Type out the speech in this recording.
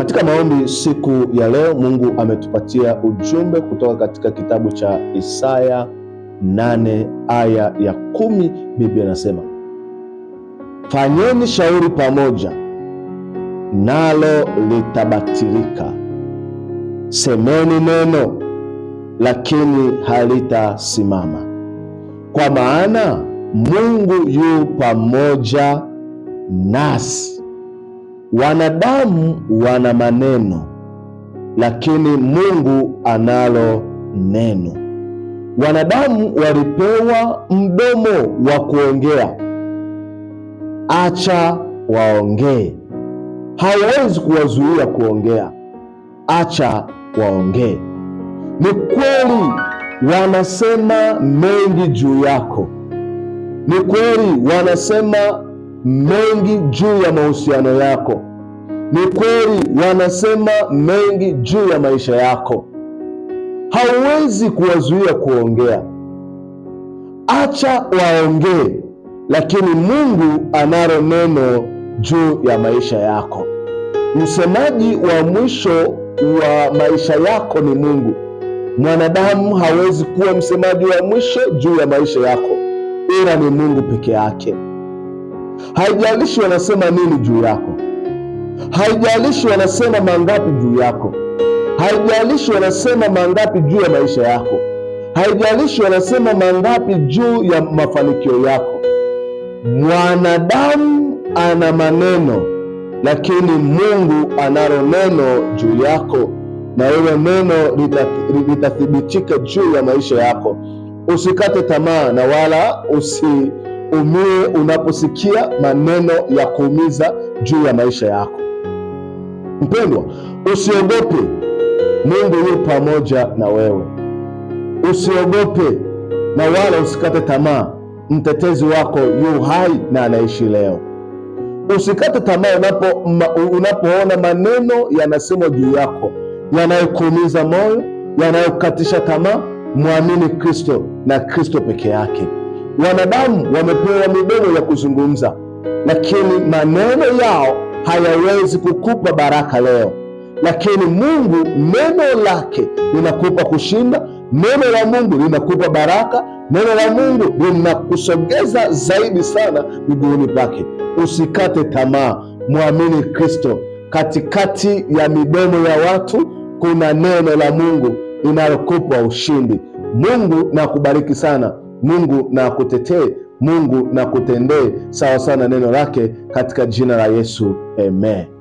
Katika maombi siku ya leo, Mungu ametupatia ujumbe kutoka katika kitabu cha Isaya 8 aya ya kumi. Biblia inasema fanyeni shauri pamoja, nalo litabatilika; semeni neno, lakini halitasimama, kwa maana Mungu yu pamoja nasi Wanadamu wana maneno, lakini Mungu analo neno. Wanadamu walipewa mdomo wa kuongea, acha waongee. Hawezi kuwazuia kuongea, acha waongee. Ni kweli wanasema mengi juu yako, ni kweli wanasema mengi juu ya mahusiano yako. Ni kweli wanasema mengi juu ya maisha yako. Hauwezi kuwazuia kuongea, acha waongee, lakini Mungu analo neno juu ya maisha yako. Msemaji wa mwisho wa maisha yako ni Mungu. Mwanadamu hawezi kuwa msemaji wa mwisho juu ya maisha yako, ila ni Mungu peke yake. Haijalishi wanasema nini juu yako, haijalishi wanasema mangapi juu yako, haijalishi wanasema mangapi juu ya maisha yako, haijalishi wanasema mangapi juu ya mafanikio yako. Mwanadamu ana maneno, lakini Mungu analo neno juu yako, na hilo neno litathibitika juu ya maisha yako. Usikate tamaa na wala usi Umie unaposikia maneno ya kuumiza juu ya maisha yako. Mpendwa, usiogope, Mungu yu pamoja na wewe. Usiogope na wala usikate tamaa, mtetezi wako yu hai na anaishi leo. Usikate tamaa unapo, unapoona maneno yanasemwa juu yako yanayokuumiza moyo, yanayokatisha tamaa. Mwamini Kristo na Kristo peke yake. Wanadamu wamepewa midomo ya kuzungumza, lakini maneno yao hayawezi kukupa baraka leo. Lakini Mungu neno lake linakupa kushinda. Neno la Mungu linakupa baraka. Neno la Mungu linakusogeza zaidi sana miguuni pake. Usikate tamaa, mwamini Kristo. Katikati ya midomo ya watu kuna neno la Mungu linalokupa ushindi. Mungu nakubariki sana. Mungu na akutetee, Mungu na kutendee sawa sawa na neno lake katika jina la Yesu, amen.